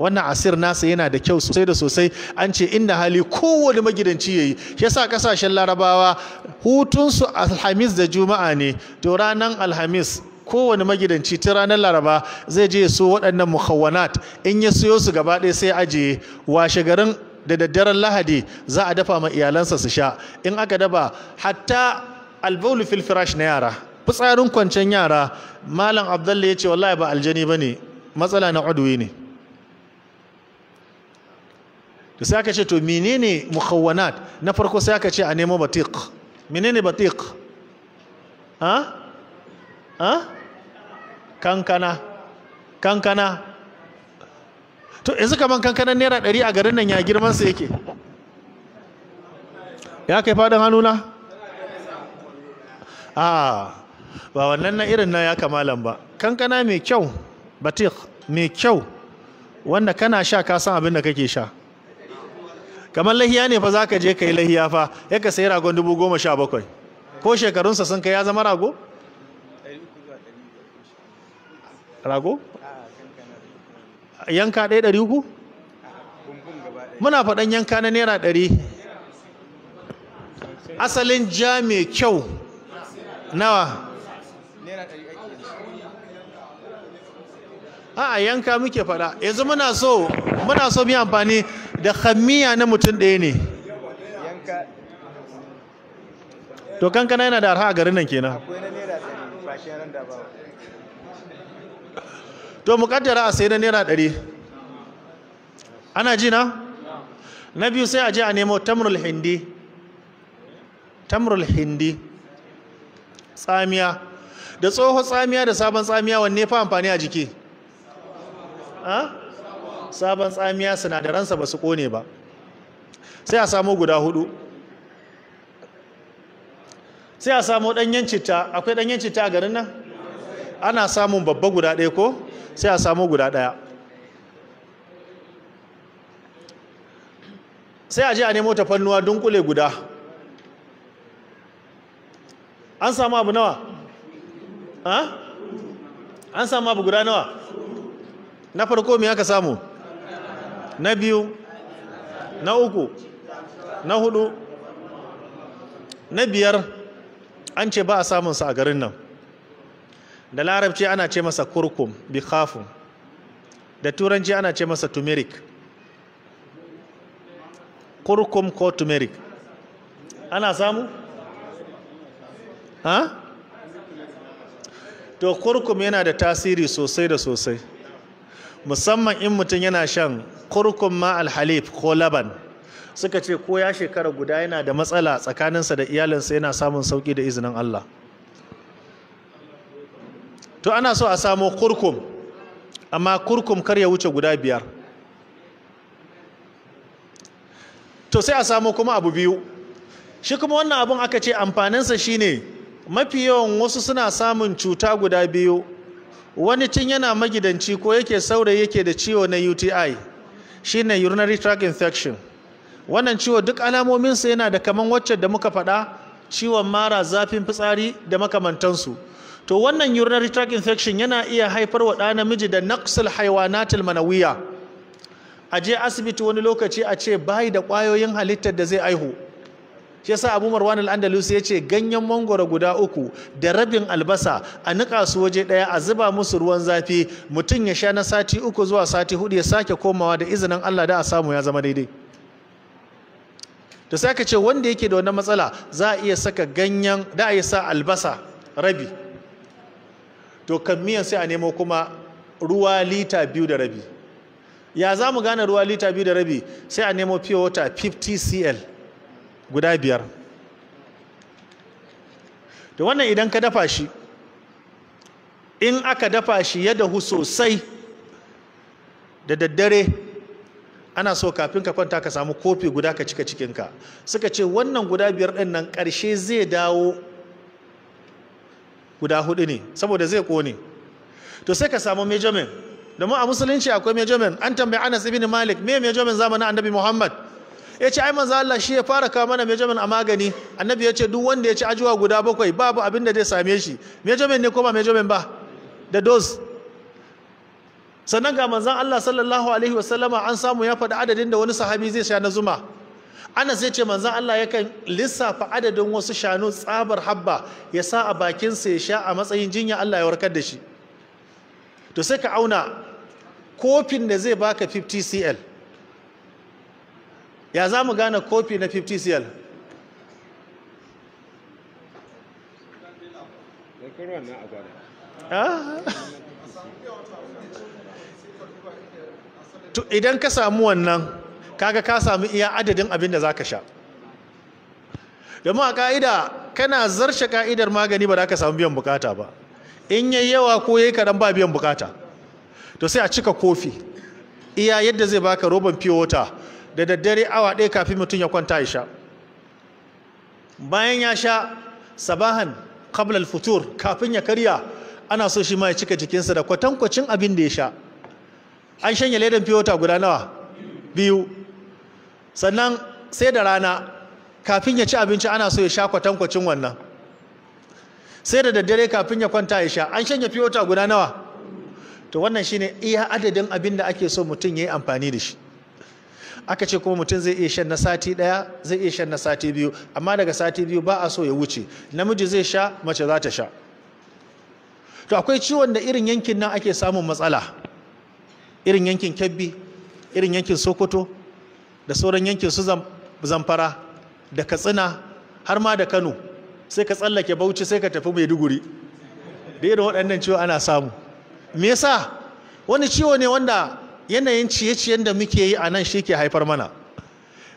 wannan asir nasa yana da kyau sosai da sosai an ce inda hali kowane magidanci yayi shi yasa kasashen larabawa hutunsu alhamis da juma'a ne to ranar alhamis kowane magidanci ta ranar laraba zai je so waɗannan muhawanat in ya siyo su gaba ɗaya sai ajiye washe garin da daddaren lahadi za a dafa ma iyalansa su sha in aka daba hatta albaulu fil firash na yara fitsarin kwancen yara malam abdalla ya ce wallahi ba aljani ba ne matsala na udwi ne to sai aka ce to menene mukhawwanat na farko sai aka ce a nemo batik menene batik ha ha kankana kankana to yanzu kaman kankanan naira ɗari a garin nan ya girman su yake ya kai fadin hannuna a ba wannan na irin na ya kamalan ba kankana mai kyau batik mai kyau wanda kana sha ka san abin da kake sha kamar lahiya ne fa za ka je ka yi lahiya fa ya ka sayi ragon dubu goma sha bakwai ko shekarunsa sun kai ya zama rago? rago? yanka ɗaya ɗari uku? muna faɗan yanka na naira ɗari asalin ja mai kyau nawa a yanka muke fada yanzu muna so muna so mu amfani da hamiya na mutum ɗaya ne to kankana yana da arha a garin nan kenan to kaddara a sai na naira ɗari ana ji na na biyu sai a je a nemo tamrul hindi tamrul hindi tsamiya da tsohon tsamiya da sabon tsamiya wanne fa amfani a jiki ah? sabon tsamiya sinadaransa ba su kone ba sai a samu guda hudu sai a samu danyen citta akwai danyen citta a garin nan ana samun babba guda ɗaya ko sai a samu guda ɗaya sai a je a nemo tafannuwa dunkule guda an samu abu nawa an samu abu guda nawa na farko me aka samu na biyu na uku na hudu na biyar an ce ba a samunsa a garin nan da larabci ana ce masa kurkum bi khafun da turanci ana ce masa turmeric kurkum ko turmeric ana samu? ha? to kurkum yana da tasiri sosai da sosai musamman in mutum yana shan kurkun ma alhalif ko laban suka ce ko ya shekara guda yana da matsala tsakaninsa da iyalinsa yana samun sauki da izinin Allah to ana so a samo kurkum amma kurkum kar ya wuce guda biyar to sai a samo kuma abu biyu shi kuma wannan abun aka ce amfaninsa shine mafi yawan wasu suna samun cuta guda biyu wani tun yana magidanci ko yake saurayi yake da ciwo na UTI Shi ne urinary tract infection wannan ciwo duk alamominsa yana da kaman wacce da muka faɗa ciwon mara zafin fitsari da makamantansu to wannan urinary tract infection yana iya haifar wa ɗa namiji da naqsul haywanatil manawiya a je asibiti wani lokaci a ce bayi da ƙwayoyin halittar da zai aihu shi yasa Abu Marwan al-Andalusi yace ganyen mangoro guda uku da rabin albasa a nika su waje daya a zuba musu ruwan zafi mutum ya sha na sati uku zuwa sati hudu ya sake komawa da izinin Allah da a samu ya zama daidai to sai ka ce wanda yake da wannan matsala za a iya saka ganyen da a yi sa albasa rabi to kan miyan sai a nemo kuma ruwa lita biyu da rabi ya za mu gane ruwa lita biyu da rabi sai a nemo pure water 50 cl guda biyar da wannan idan ka dafa shi in aka dafa shi ya dahu sosai da daddare ana so kafin ka kwanta ka samu kofi guda ka cika cikinka suka ce wannan guda biyar ɗin nan ƙarshe zai dawo guda hudu ne saboda zai ƙone to sai ka samu measurement domin a musulunci akwai measurement an tambayi anas ibn malik me measurement zamanin annabi muhammad ya ce ai manzo Allah shi ya fara kawo mana measurement a magani annabi ya ce duk wanda ya ci ajuwa guda bakwai babu abin da zai same shi measurement ne ko ba measurement ba da dose sannan ga manzon Allah sallallahu alaihi wasallama an samu ya faɗi adadin da wani sahabi zai sha na zuma ana sai ce manzon Allah yakan lissafa adadin wasu shanu tsabar habba ya sa a bakinsa ya sha a matsayin jinya Allah ya warkar da shi to sai ka auna kofin da zai baka 50 cl ya za mu gane kofi na 50 cl ah. idan ka samu wannan kaga ka samu iya adadin abin da za ka sha domin a ka'ida kana zarce ka'idar magani ba za ka samu biyan bukata ba in yi yawa ko yi kaɗan ba biyan bukata to sai a cika kofi iya yadda zai baka roban pure water da daddare awa ɗaya kafin mutum ya kwanta ya sha bayan ya sha sabahan qablal futur kafin ya karya ana so shi ma ya cika jikinsa da kwatankwacin abin da ya sha an shanya ledan fiyota guda nawa biyu sannan sai da rana kafin ya ci abinci ana so ya sha kwatankwacin wannan sai da daddare kafin ya kwanta ya sha an shanya fiyota guda nawa to wannan shine iya adadin abin da ake so mutum ya yi amfani da shi aka ce kuma mutum zai iya shan na sati ɗaya zai iya shan na sati biyu amma daga sati biyu ba a so ya wuce namiji zai sha mace za ta sha to akwai ciwon da irin yankin nan ake samun matsala irin yankin kebbi irin yankin sokoto da sauran yankin su zamfara da katsina har ma da kano sai ka tsallake bauchi sai ka tafi maiduguri da irin waɗannan ciwo ana samu me yasa wani ciwo ne wanda yanayin ciye-ciyen da muke yi a nan shi ke haifar mana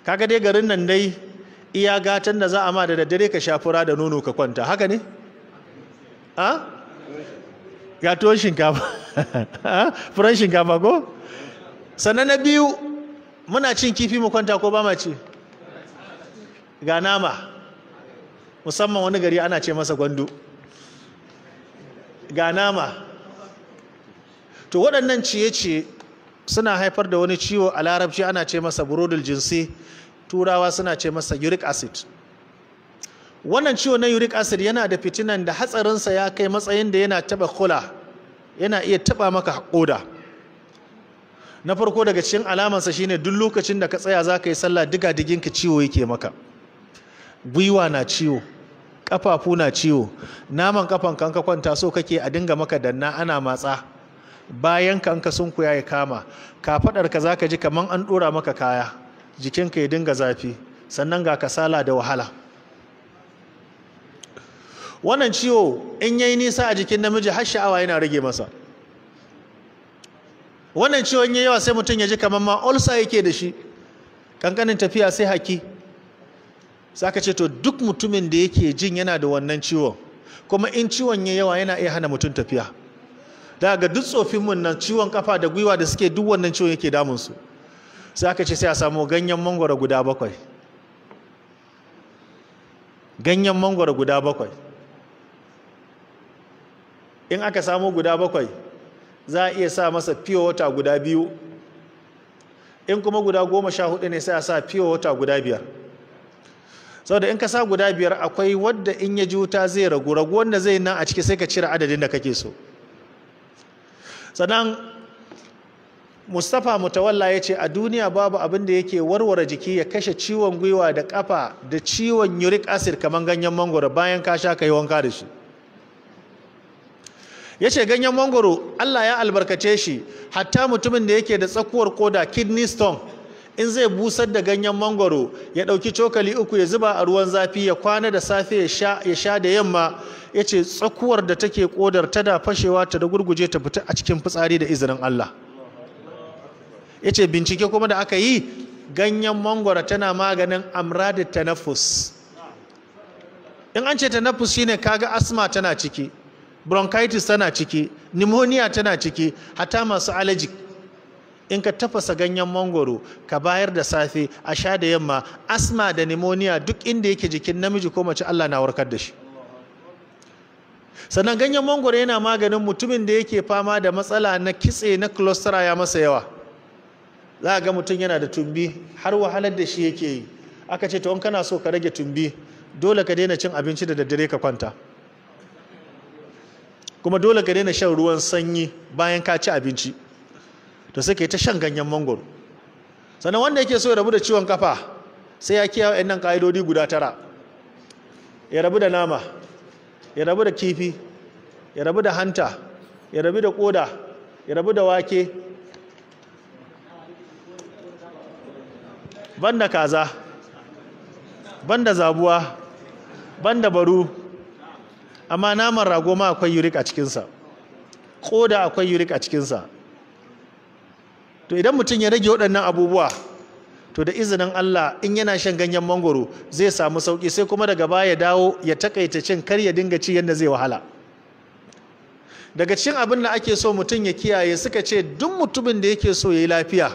kaga dai garin nan dai iya gatan da za a ma da daddare ka sha fura da nono ka kwanta haka ne a gatuwar shinkafa furan shinkafa ko sannan na biyu muna cin kifi mu kwanta ko ba ma ce? ga nama musamman wani gari ana ce masa gwandu ga nama to waɗannan ciye-ciye suna haifar da wani ciwo a larabci ana ce masa burodin jinsi turawa suna ce masa uric acid wannan ciwo na uric acid yana da fitinan da hatsarinsa ya kai matsayin da yana taba kula yana iya taba maka koda na farko daga cikin alamansa shine duk lokacin da ka tsaya za ka yi sallah diga diginka ciwo yake maka gwiwa na ciwo kafafu na ciwo naman kafan kanka kwanta so kake a dinga maka danna ana matsa bayan ka an ka sunkuya ya kama za ka zaka ji kaman an dora maka kaya jikinka ya dinga zafi sannan ga kasala da wahala wannan ciwo in yayi nisa a jikin namiji har sha'awa yana rage masa wannan ciwon yayi yawa sai mutum ya ji kaman ma ulsa yake da shi kankanin tafiya sai haki saka ce to duk mutumin da yake jin yana da wannan ciwon kuma in ciwon yayi yawa yana iya hana mutum tafiya Daga duk tsofin mun nan ciwon kafa da gwiwa da suke duk wannan ciwon yake damun su sai aka ce sai a samu ganyen mangoro guda bakwai ganyen mangoro guda bakwai in aka samu guda bakwai za a iya sa masa fiye wata guda biyu in kuma guda goma sha hudu ne sai a sa fiye wata guda biyar Sau da in ka sa guda biyar akwai wadda in ya ji wuta zai ragu ragu wanda zai nan a ciki sai ka cire adadin da kake so sannan mustapha mutawalla ya ce a duniya babu abin da yake warware jiki ya kashe ciwon gwiwa da kafa da ciwon uric acid kamar ganyen mangoro bayan ka sha ka yi wanka da shi ya ce ganyen mangoro allah ya albarkace shi hatta mutumin da yake da tsakuwar koda kidney stone in zai busar da ganyen mangwaro ya ɗauki cokali uku ya zuba a ruwan zafi ya kwana da safe ya sha da yamma ya ce tsakuwar da take kodar ta da fashewa ta da gurguje ta fita a cikin fitsari da izinin Allah ya ce bincike kuma da aka yi ganyen mangwaro tana maganin amradin tanafus in an ce tanafus shine kaga asma tana ciki bronchitis tana ciki pneumonia tana ciki hatta masu allergic in ka tafasa ganyen mangoro ka bayar da safe a sha da yamma asma da nimoniya duk inda yake jikin namiji ko mace Allah na warkar da shi sannan ganyen mangoro yana maganin mutumin da yake fama da matsala na kitse na cholesterol ya masa yawa za a ga mutum yana da tumbi har wahalar da shi yake yi aka ce to in kana so ka rage tumbi dole ka daina cin abinci da daddare ka kwanta kuma dole ka daina shan ruwan sanyi bayan ka ci abinci to sai yi ta shan ganyen mangoro sannan wanda yake so ya rabu da ciwon kafa sai ya kiyaye nan kaidodi guda tara ya rabu da nama ya rabu da kifi ya rabu da hanta ya rabu da koda ya rabu da wake banda kaza banda zabuwa banda baru amma naman rago ma akwai yurik a cikinsa koda akwai yurik a cikinsa to idan mutum ya rage waɗannan abubuwa to da izinin Allah in yana shan ganyen mangoro zai samu sauki sai kuma daga baya ya dawo ya takaita cin kar ya dinga ci yadda zai wahala daga cikin abin da ake so mutum ya kiyaye suka ce duk mutumin da yake so ya yi lafiya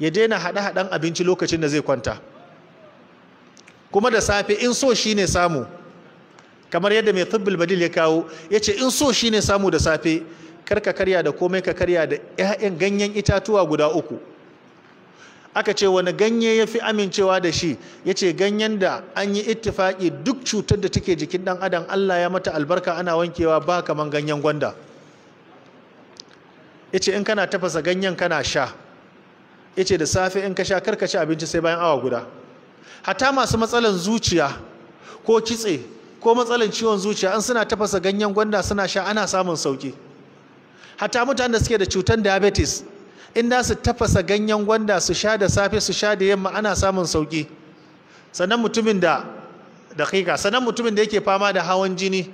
ya daina haɗe-haɗen abinci lokacin da zai kwanta kuma da safe in so shi samu kamar yadda mai tibbil badil ya kawo ya ce in so shine samu da safe kar ka karya da komai ka karya da 'ya'yan ganyen itatuwa guda uku aka ce wani ganye ya fi amincewa da shi ya ce ganyen da an yi ittifaki duk cutar da take jikin ɗan adam allah ya mata albarka ana wankewa ba kaman ganyen gwanda ya ce in kana tafasa ganyen kana sha ya ce da safe in ka sha karka ci abinci sai bayan awa guda hata masu matsalan zuciya ko kitse ko matsalan ciwon zuciya an suna tafasa ganyen gwanda suna sha ana samun sauki hata mutanen da suke da cutar diabetes in da su tafasa ganyen gwanda su sha da safe su sha da yamma ana samun sauki sannan mutumin da dakika sannan mutumin da yake fama da hawan jini